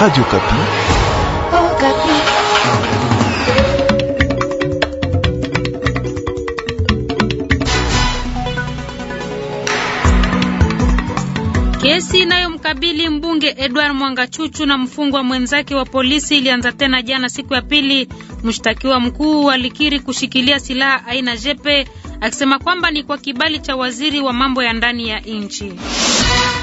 Radio Kapi. Oh, Kapi. Kesi inayomkabili mbunge Edward Mwangachuchu na mfungwa mwenzake wa polisi ilianza tena jana siku ya pili. Mshtakiwa mkuu alikiri kushikilia silaha aina jepe akisema kwamba ni kwa kibali cha waziri wa mambo ya ndani ya nchi.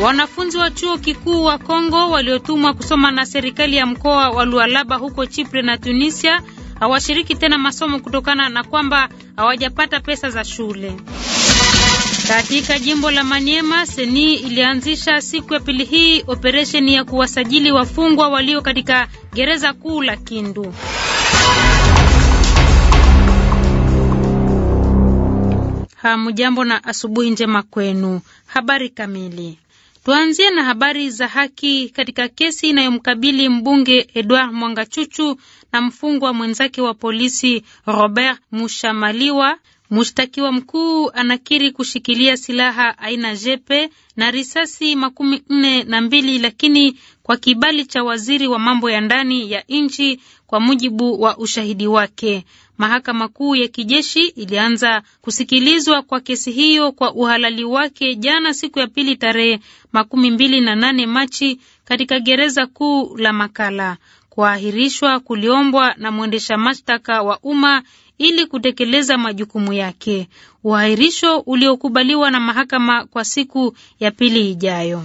Wanafunzi wa chuo kikuu wa Kongo waliotumwa kusoma na serikali ya mkoa wa Lualaba huko Chipre na Tunisia hawashiriki tena masomo kutokana na kwamba hawajapata pesa za shule. Katika jimbo la Maniema, Seni ilianzisha siku ya pili hii operesheni ya kuwasajili wafungwa walio katika gereza kuu la Kindu. Hamjambo na asubuhi njema kwenu. Habari kamili Tuanzie na habari za haki katika kesi inayomkabili mbunge Edward Mwangachuchu na mfungwa mwenzake wa polisi Robert Mushamaliwa. Mshtakiwa mkuu anakiri kushikilia silaha aina jepe na risasi makumi nne na mbili lakini kwa kibali cha waziri wa mambo ya ndani ya nchi kwa mujibu wa ushahidi wake. Mahakama Kuu ya kijeshi ilianza kusikilizwa kwa kesi hiyo kwa uhalali wake jana siku ya pili tarehe makumi mbili na nane Machi katika gereza kuu la Makala. Kuahirishwa kuliombwa na mwendesha mashtaka wa umma ili kutekeleza majukumu yake, uahirisho uliokubaliwa na mahakama kwa siku ya pili ijayo.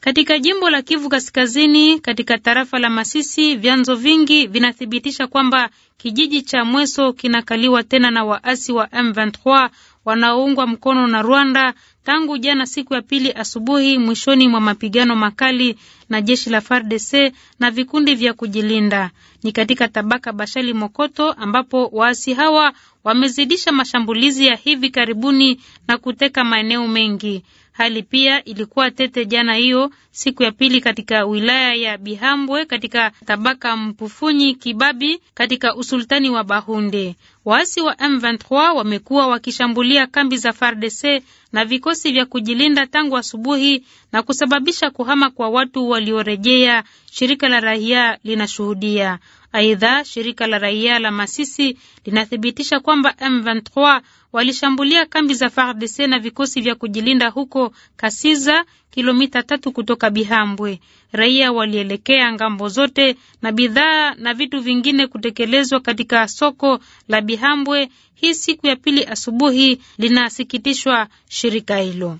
Katika jimbo la Kivu Kaskazini, katika tarafa la Masisi, vyanzo vingi vinathibitisha kwamba kijiji cha Mweso kinakaliwa tena na waasi wa M23 wanaoungwa mkono na Rwanda tangu jana siku ya pili asubuhi, mwishoni mwa mapigano makali na jeshi la FARDC na vikundi vya kujilinda. Ni katika tabaka Bashali Mokoto ambapo waasi hawa wamezidisha mashambulizi ya hivi karibuni na kuteka maeneo mengi. Hali pia ilikuwa tete jana hiyo siku ya pili katika wilaya ya Bihambwe katika tabaka Mpufunyi Kibabi katika usultani wa Bahunde. Waasi wa M23 wamekuwa wakishambulia kambi za FARDC na vikosi vya kujilinda tangu asubuhi na kusababisha kuhama kwa watu waliorejea, shirika la raia linashuhudia. Aidha, shirika la raia la Masisi linathibitisha kwamba M23 walishambulia kambi za FARDC na vikosi vya kujilinda huko Kasiza, kilomita tatu kutoka Bihambwe. Raia walielekea ngambo zote na bidhaa na vitu vingine kutekelezwa katika soko la Bihambwe hii siku ya pili asubuhi, linasikitishwa shirika hilo.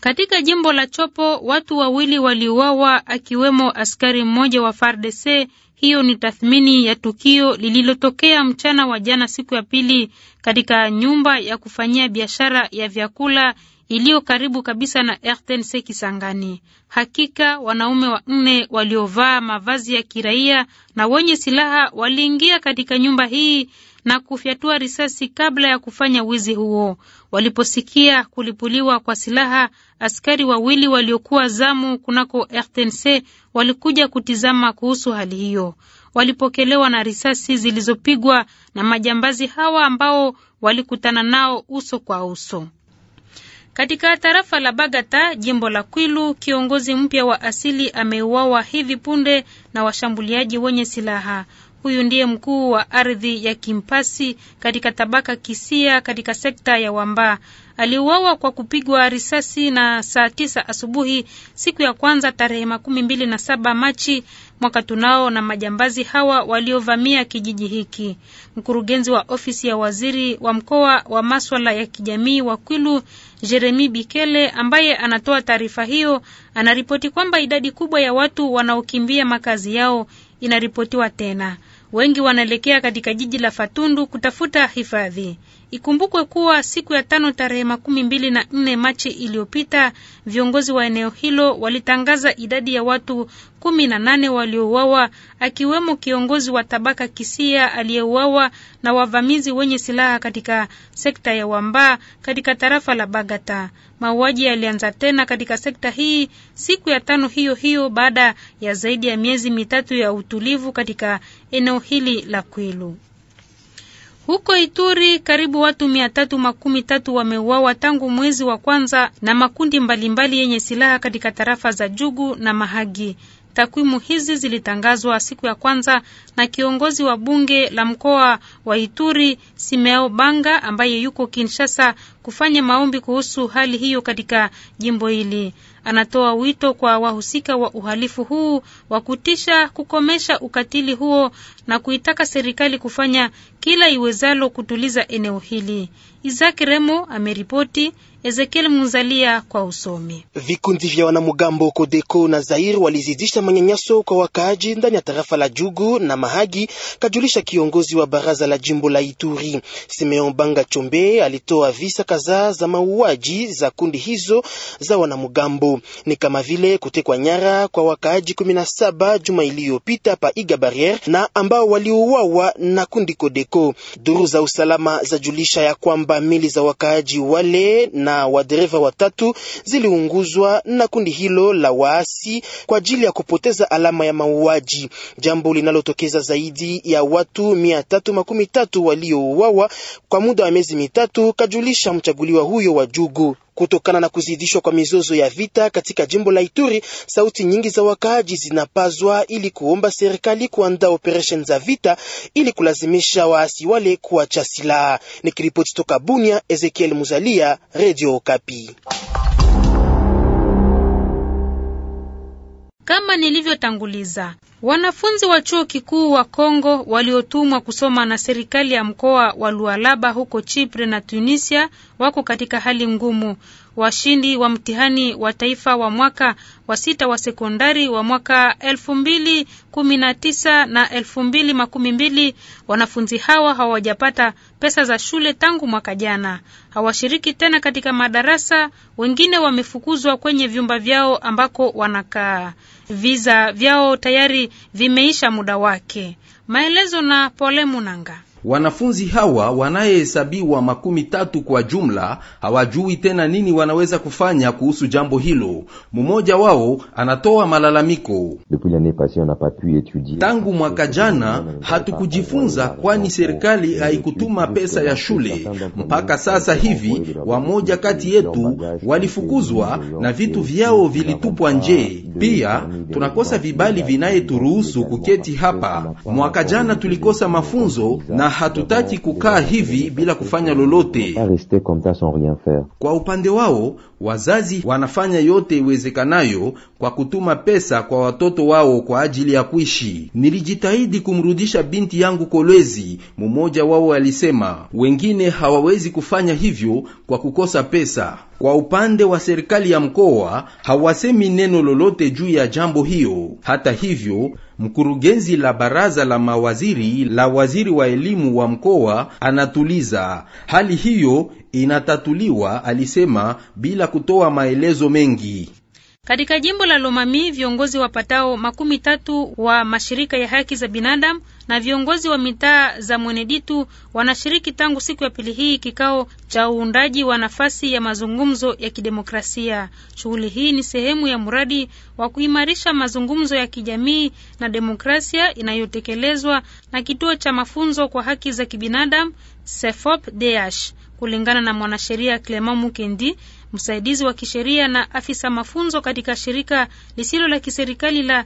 Katika jimbo la Chopo watu wawili waliuawa akiwemo askari mmoja wa FARDC. Hiyo ni tathmini ya tukio lililotokea mchana wa jana siku ya pili katika nyumba ya kufanyia biashara ya vyakula iliyo karibu kabisa na RTNC Kisangani. Hakika wanaume wanne waliovaa mavazi ya kiraia na wenye silaha waliingia katika nyumba hii na kufyatua risasi kabla ya kufanya wizi huo. Waliposikia kulipuliwa kwa silaha, askari wawili waliokuwa zamu kunako RTNC walikuja kutizama kuhusu hali hiyo. Walipokelewa na risasi zilizopigwa na majambazi hawa ambao walikutana nao uso kwa uso. Katika tarafa la Bagata, jimbo la Kwilu, kiongozi mpya wa asili ameuawa hivi punde na washambuliaji wenye silaha. Huyu ndiye mkuu wa ardhi ya Kimpasi katika tabaka Kisia katika sekta ya Wamba. Aliuawa kwa kupigwa risasi na saa tisa asubuhi siku ya kwanza tarehe makumi mbili na saba Machi mwaka tunao na majambazi hawa waliovamia kijiji hiki. Mkurugenzi wa ofisi ya waziri wa mkoa wa maswala ya kijamii wa Kwilu, Jeremi Bikele, ambaye anatoa taarifa hiyo, anaripoti kwamba idadi kubwa ya watu wanaokimbia makazi yao inaripotiwa tena. Wengi wanaelekea katika jiji la Fatundu kutafuta hifadhi. Ikumbukwe kuwa siku ya tano tarehe makumi mbili na nne Machi iliyopita viongozi wa eneo hilo walitangaza idadi ya watu kumi na nane waliouawa akiwemo kiongozi wa tabaka Kisia aliyeuawa na wavamizi wenye silaha katika sekta ya Wamba katika tarafa la Bagata. Mauaji yalianza tena katika sekta hii siku ya tano hiyo hiyo baada ya zaidi ya miezi mitatu ya utulivu katika eneo hili la Kwilu. Huko Ituri karibu watu mia tatu makumi tatu wameuawa tangu mwezi wa kwanza na makundi mbalimbali yenye silaha katika tarafa za Jugu na Mahagi. Takwimu hizi zilitangazwa siku ya kwanza na kiongozi wa bunge la mkoa wa Ituri Simeo Banga ambaye yuko Kinshasa kufanya maombi kuhusu hali hiyo katika jimbo hili. Anatoa wito kwa wahusika wa uhalifu huu wa kutisha kukomesha ukatili huo na kuitaka serikali kufanya kila iwezalo kutuliza eneo hili. Isaac Remo ameripoti. Ezekiel Muzalia kwa usomi. Vikundi vya wanamugambo Kodeko na Zair walizidisha manyanyaso kwa wakaaji ndani ya tarafa la Jugu na Mahagi, kajulisha kiongozi wa baraza la jimbo la Ituri. Simeon Banga Chombe alitoa visa kadhaa za mauaji za kundi hizo za wanamugambo ni kama vile kutekwa nyara kwa wakaaji 17 juma iliyopita pa Iga Barrier na ambao waliuawa na kundi Kodeko. Duru za usalama zajulisha ya kwamba mili za wakaaji wale na wadereva watatu ziliunguzwa na kundi hilo la waasi kwa ajili ya kupoteza alama ya mauaji, jambo linalotokeza zaidi ya watu 313 waliouawa kwa muda wa miezi mitatu, kajulisha mchaguliwa huyo wa Jugu. Kutokana na kuzidishwa kwa mizozo ya vita katika jimbo la Ituri, sauti nyingi za wakaaji zinapazwa ili kuomba serikali kuandaa operesheni za vita ili kulazimisha waasi wale kuacha silaha. Nikiripoti toka Bunia, Ezekiel Muzalia, Radio Okapi. Kama nilivyotanguliza, wanafunzi wa chuo kikuu wa Kongo waliotumwa kusoma na serikali ya mkoa wa Lualaba huko Chipre na Tunisia wako katika hali ngumu. Washindi wa mtihani wa taifa wa mwaka wa sita wa sekondari wa mwaka elfu mbili kumi na tisa na elfu mbili makumi mbili wanafunzi hawa hawajapata pesa za shule tangu mwaka jana. Hawashiriki tena katika madarasa, wengine wamefukuzwa kwenye vyumba vyao ambako wanakaa. Visa vyao tayari vimeisha muda wake. Maelezo na Pole Munanga. Wanafunzi hawa wanayehesabiwa makumi tatu kwa jumla hawajui tena nini wanaweza kufanya kuhusu jambo hilo. Mmoja wao anatoa malalamiko: tangu mwaka jana hatukujifunza, kwani serikali haikutuma pesa ya shule. Mpaka sasa hivi wamoja kati yetu walifukuzwa na vitu vyao vilitupwa nje. Pia tunakosa vibali vinayeturuhusu kuketi hapa. Mwaka jana tulikosa mafunzo na hatutaki kukaa hivi bila kufanya lolote. Kwa upande wao, wazazi wanafanya yote iwezekanayo kwa kutuma pesa kwa watoto wao kwa ajili ya kuishi. Nilijitahidi kumrudisha binti yangu Kolwezi, mumoja wao alisema. Wengine hawawezi kufanya hivyo kwa kukosa pesa. Kwa upande wa serikali ya mkoa hawasemi neno lolote juu ya jambo hiyo. Hata hivyo, mkurugenzi la baraza la mawaziri la waziri wa elimu wa mkoa anatuliza hali hiyo inatatuliwa, alisema bila kutoa maelezo mengi. Katika jimbo la Lomami viongozi wapatao makumi tatu wa mashirika ya haki za binadamu na viongozi wa mitaa za Mweneditu wanashiriki tangu siku ya pili hii kikao cha uundaji wa nafasi ya mazungumzo ya kidemokrasia. Shughuli hii ni sehemu ya mradi wa kuimarisha mazungumzo ya kijamii na demokrasia inayotekelezwa na kituo cha mafunzo kwa haki za kibinadamu SEFOP DH kulingana na mwanasheria Clement Mukendi msaidizi wa kisheria na afisa mafunzo katika shirika lisilo la kiserikali la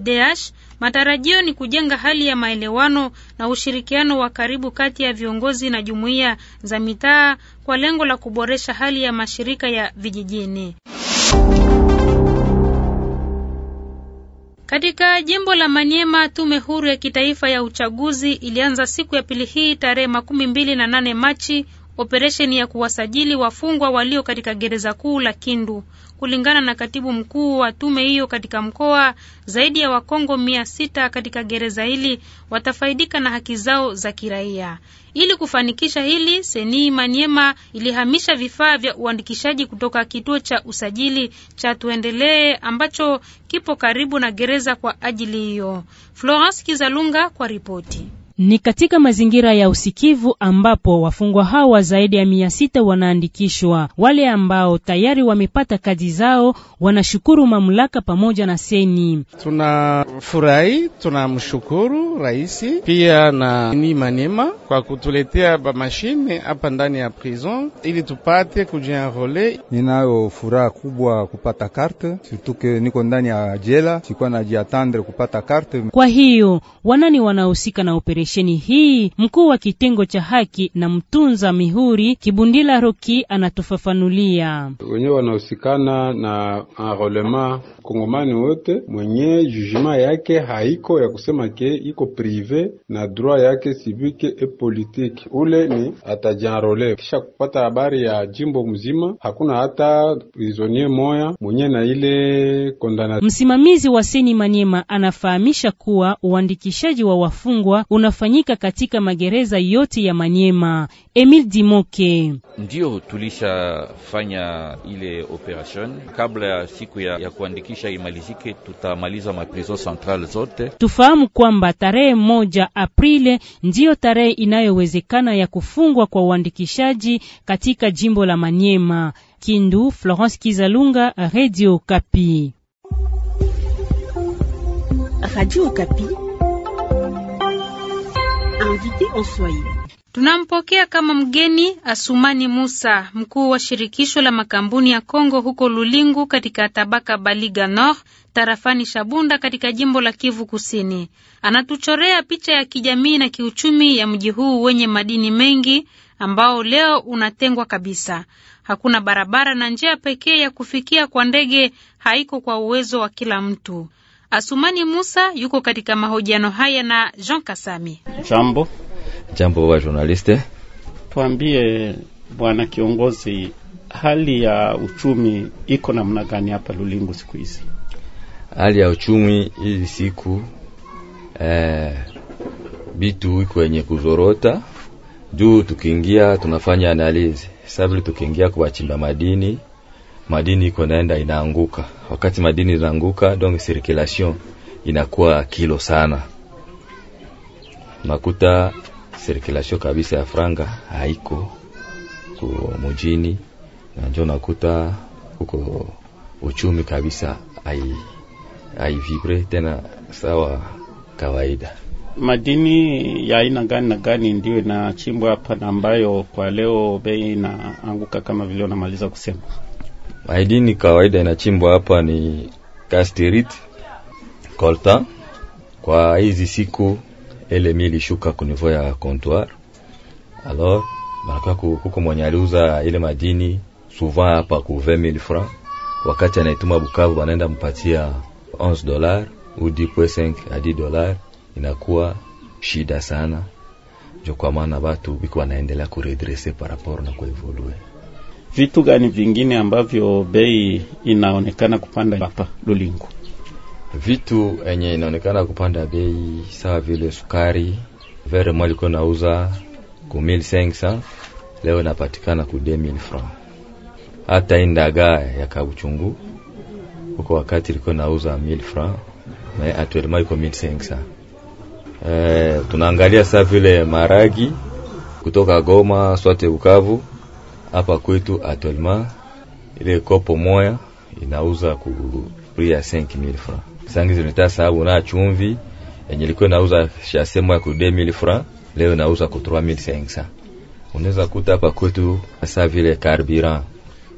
DH. Matarajio ni kujenga hali ya maelewano na ushirikiano wa karibu kati ya viongozi na jumuiya za mitaa kwa lengo la kuboresha hali ya mashirika ya vijijini. Katika jimbo la Manyema, tume huru ya kitaifa ya uchaguzi ilianza siku ya pili hii tarehe makumi mbili na nane Machi operesheni ya kuwasajili wafungwa walio katika gereza kuu la Kindu. Kulingana na katibu mkuu wa tume hiyo katika mkoa, zaidi ya Wakongo mia sita katika gereza hili watafaidika na haki zao za kiraia. Ili kufanikisha hili, Seni Manyema ilihamisha vifaa vya uandikishaji kutoka kituo cha usajili cha Tuendelee ambacho kipo karibu na gereza kwa ajili hiyo. Florence Kizalunga kwa ripoti. Ni katika mazingira ya usikivu ambapo wafungwa hawa zaidi ya mia sita wanaandikishwa. Wale ambao tayari wamepata kadi zao wanashukuru mamlaka pamoja na seni. Tunafurahi, tunamshukuru rais pia na nima nima kwa kutuletea bamashine hapa ndani ya prison ili tupate kujienrole. Ninayo furaha kubwa kupata karte, surtuke niko ndani ya jela, sikuwa najiatandre kupata karte. Kwa hiyo wanani wanahusika na operesheni misheni hii. Mkuu wa kitengo cha haki na mtunza mihuri Kibundila Roki anatufafanulia. Wenyewe wanahusikana na enrolema kongomani wote mwenye jugema yake haiko ya kusema ke iko prive na droit yake civique e politique, ule ni atajienrole kisha kupata habari ya jimbo mzima. Hakuna hata prisonnier moya mwenye na ile kondana. Msimamizi wa seni Maniema anafahamisha kuwa uandikishaji wa wafungwa una inafanyika katika magereza yote ya Manyema. Emil Dimoke: ndio tulishafanya ile operation kabla ya siku ya, ya kuandikisha imalizike, tutamaliza maprizo centrale zote. Tufahamu kwamba tarehe moja Aprili ndiyo tarehe inayowezekana ya kufungwa kwa uandikishaji katika jimbo la Manyema. Kindu, Florence Kizalunga, Radio Kapi. Radio Kapi. Tunampokea kama mgeni Asumani Musa, mkuu wa shirikisho la makampuni ya Kongo huko Lulingu katika tabaka Baliga Nord tarafani Shabunda katika jimbo la Kivu Kusini. Anatuchorea picha ya kijamii na kiuchumi ya mji huu wenye madini mengi ambao leo unatengwa kabisa. Hakuna barabara na njia pekee ya kufikia kwa ndege haiko kwa uwezo wa kila mtu. Asumani Musa yuko katika mahojiano haya na Jean Kasami. Jambo. Jambo wa journaliste. Tuambie bwana kiongozi, hali ya uchumi iko namna gani hapa Lulingu siku hizi? Hali ya uchumi hizi siku eh, bitu iko yenye kuzorota juu, tukiingia tunafanya analizi sabili, tukiingia kuwachimba madini madini iko naenda inaanguka. Wakati madini inaanguka, donc circulation inakuwa kilo sana, nakuta circulation kabisa ya franga haiko ku mujini, na njo nakuta huko uchumi kabisa ai aivibre tena sawa kawaida. Madini ya aina gani na gani ndio inachimbwa hapa na ambayo kwa leo bei inaanguka kama vile unamaliza kusema? Madini kawaida inachimbwa hapa ni casterite, coltan. Kwa hizi siku elemi mili shuka kunivo ya comptoir, alors manakuwa kuko mwenye aliuza ile madini souvent hapa ku 20000 francs, wakati anaituma Bukavu wanaenda mpatia 11 dollar ou 10.5 hadi dollar, inakuwa shida sana, ndio kwa maana watu biko wanaendelea kuredresse par rapport na kuevolue Vitu gani vingine ambavyo bei inaonekana kupanda hapa Lulingu? Vitu enye inaonekana kupanda bei sawa vile sukari, vere mwa liko nauza ku 1500 leo inapatikana ku 2000 francs. Hata indaga ya kabuchungu huko wakati liko nauza 1000 francs na actuellement iko 1500. Eh, tunaangalia saa vile maragi kutoka Goma swate Bukavu hapa kwetu atolma ile kopo moya inauza ku prix ya 5000 francs. Sangi zinita sababu na chumvi yenye ilikuwa inauza chase ya ku 2000 francs, leo inauza ku 3500. Unaweza kuta hapa kwetu sasa vile carburant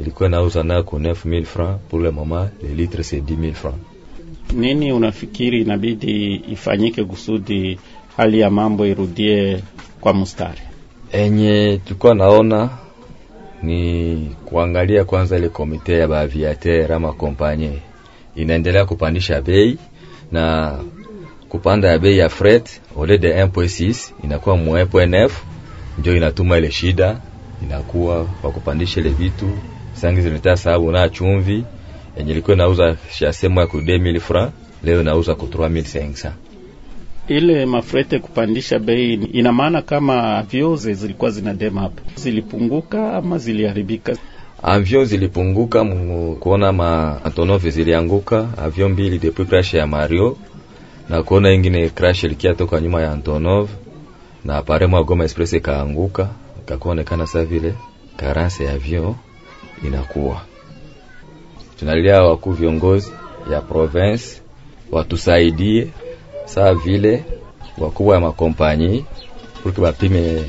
ilikuwa inauza na ku 9000 francs, pour le moment le litre c'est 10000 francs. Nini unafikiri inabidi ifanyike kusudi hali ya mambo irudie kwa mustari? Enye tulikuwa naona ni kuangalia kwanza ile komite ya baviater ama kompanye inaendelea kupandisha bei na kupanda ya bei ya fret ole de 1.6 inakuwa mu 1.9, ndio inatuma ile shida inakuwa kwa kupandisha ile vitu sangi zimetaa sababu na chumvi yenye ilikuwa inauza shasemo ya ku 2000 francs leo inauza ku 3500 ile mafrete kupandisha bei ina maana kama avyoze zilikuwa zinadema hapa, zilipunguka ama ziliharibika? Avyo zilipunguka kuona ma zilianguka avyo mbili depuis crash ya Mario na kuona ingine crash ilikia toka nyuma ya Antonov na apare mwa Goma Express ikaanguka, kakuonekana sa vile karanse ya avyo inakuwa. tunalia wakuu viongozi ya province watusaidie saa vile wakubwa ya makompanyi purki bapime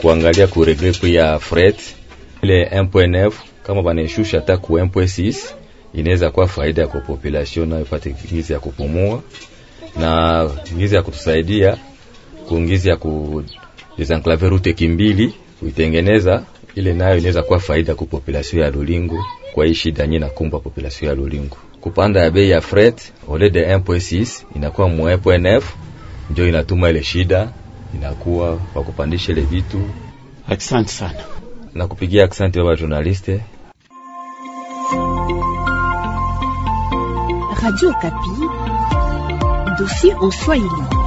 kuangalia kuregreku ya fret ile 1.9 kama banashusha hata ku 1.6 inaweza kuwa faida kwa population nayo ipate ngizi ya kupumua na ngizi ya kutusaidia kuingizi ya ku desenclaver route kimbili kuitengeneza ile nayo inaweza kuwa faida kwa population ya Lulingu, kwa hii shida nyinyi nakumba population ya Lulingu kupanda ya bei ya fret ole de 1.6 inakuwa mu 1.9, ndio inatuma ile shida inakuwa kwa kupandisha ile vitu. Asante sana na kupigia asante baba journaliste Radio Kapi, dossier en Swahili.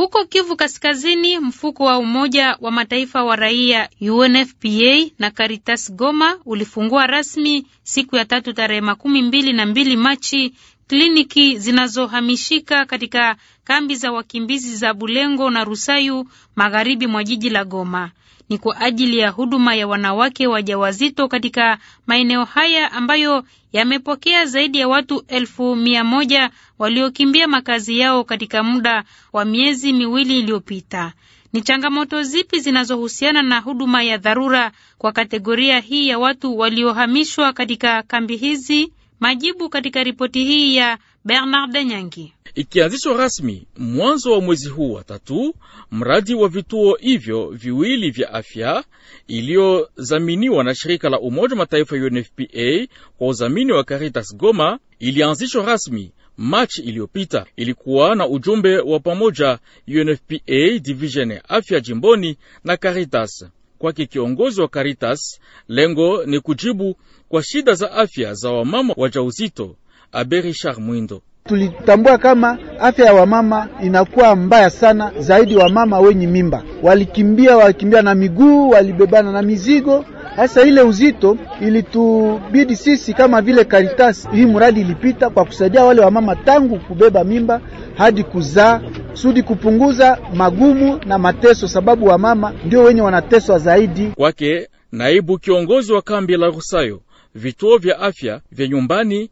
Huko Kivu Kaskazini, mfuko wa Umoja wa Mataifa wa raia UNFPA na Caritas Goma ulifungua rasmi siku ya tatu tarehe makumi mbili na mbili Machi kliniki zinazohamishika katika kambi za wakimbizi za Bulengo na Rusayu magharibi mwa jiji la Goma ni kwa ajili ya huduma ya wanawake wajawazito katika maeneo haya ambayo yamepokea zaidi ya watu elfu mia moja waliokimbia makazi yao katika muda wa miezi miwili iliyopita. Ni changamoto zipi zinazohusiana na huduma ya dharura kwa kategoria hii ya watu waliohamishwa katika kambi hizi? Majibu katika ripoti hii ya Bernard Nyangi ikianzishwa rasmi mwanzo wa mwezi huu wa tatu, mradi wa vituo hivyo viwili vya afya iliyozaminiwa na shirika la Umoja Mataifa UNFPA kwa uzamini wa Caritas Goma ilianzishwa rasmi Machi iliyopita. Ilikuwa na ujumbe wa pamoja UNFPA division ya afya jimboni na Caritas. Kwake kiongozi wa Caritas, lengo ni kujibu kwa shida za afya za wamama wajauzito. Abe Richard Mwindo Tulitambua kama afya ya wamama inakuwa mbaya sana, zaidi wamama wenye mimba walikimbia, walikimbia na miguu, walibebana na mizigo. Hasa ile uzito ilitubidi sisi kama vile karitasi hii mradi ilipita kwa kusaidia wale wamama tangu kubeba mimba hadi kuzaa, kusudi kupunguza magumu na mateso, sababu wamama ndio wenye wanateswa zaidi. Kwake naibu kiongozi wa kambi la Rusayo, vituo vya afya vya nyumbani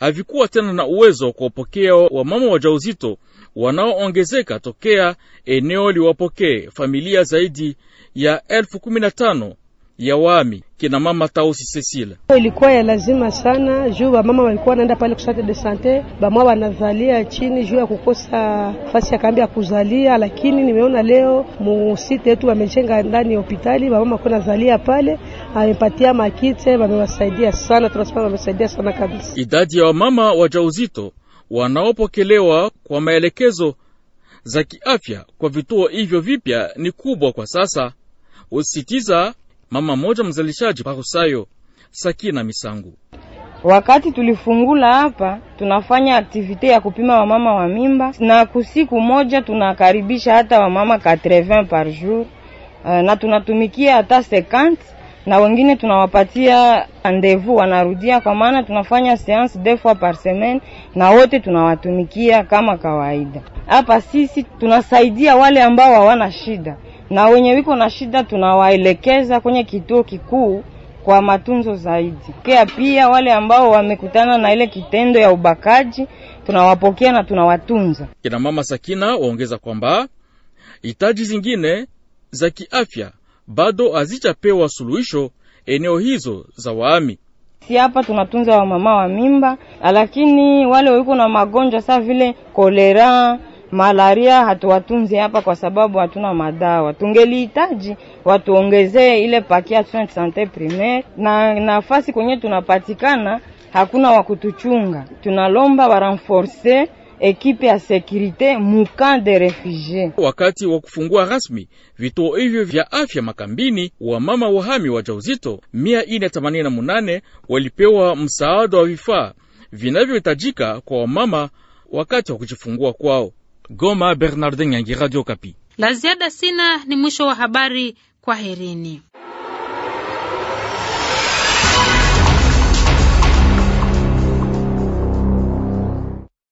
havikuwa tena na uwezo wa kuwapokea wamama wajauzito wanaoongezeka tokea eneo liwapokee familia zaidi ya elfu kumi na tano ya wami kina mama Tausi Cecilia, ilikuwa ya lazima sana juu mama walikuwa naenda pale kusante de sante, ba bamwa wanazalia chini juu ya kukosa fasi ya kambi ya kuzalia. Lakini nimeona leo musite yetu wamejenga ndani ya hospitali, bamama kuna zalia pale, amepatia makite, wamewasaidia sana, tunasema wamesaidia sana kabisa. Idadi ya wamama wajauzito wanaopokelewa kwa maelekezo za kiafya kwa vituo hivyo vipya ni kubwa kwa sasa, usitiza mama moja mzalishaji parusayo Sakina Misangu. Wakati tulifungula hapa, tunafanya aktivite ya kupima wamama wa mimba, na kusiku moja tunakaribisha hata wamama 80 par jour, eh, na tunatumikia hata 50 na wengine tunawapatia andevu wanarudia, kwa maana tunafanya seance deux fois par semaine, na wote tunawatumikia kama kawaida. Hapa sisi tunasaidia wale ambao hawana shida na wenye wiko na shida tunawaelekeza kwenye kituo kikuu kwa matunzo zaidi. Pia pia wale ambao wamekutana na ile kitendo ya ubakaji tunawapokea na tunawatunza. Kina mama Sakina waongeza kwamba hitaji zingine za kiafya bado hazijapewa suluhisho eneo hizo za waami. Si hapa tunatunza wamama wa mimba, lakini wale wiko na magonjwa saa vile kolera malaria hatuwatunzi hapa kwa sababu hatuna madawa. Tungelihitaji watuongezee ile paki ya soins de sante primaire, na nafasi kwenye tunapatikana hakuna wa kutuchunga. Tunalomba waranforce ekipe ya sekurite mukan de refugie. Wakati wa kufungua rasmi vituo hivyo vya afya makambini, wa mama wahami wajauzito mia ine na munane walipewa msaada wa vifaa vinavyohitajika kwa wamama wakati wa kujifungua kwao. Goma, Bernardin Yangi, Radio Kapi. La ziada sina, ni mwisho wa habari. Kwaherini.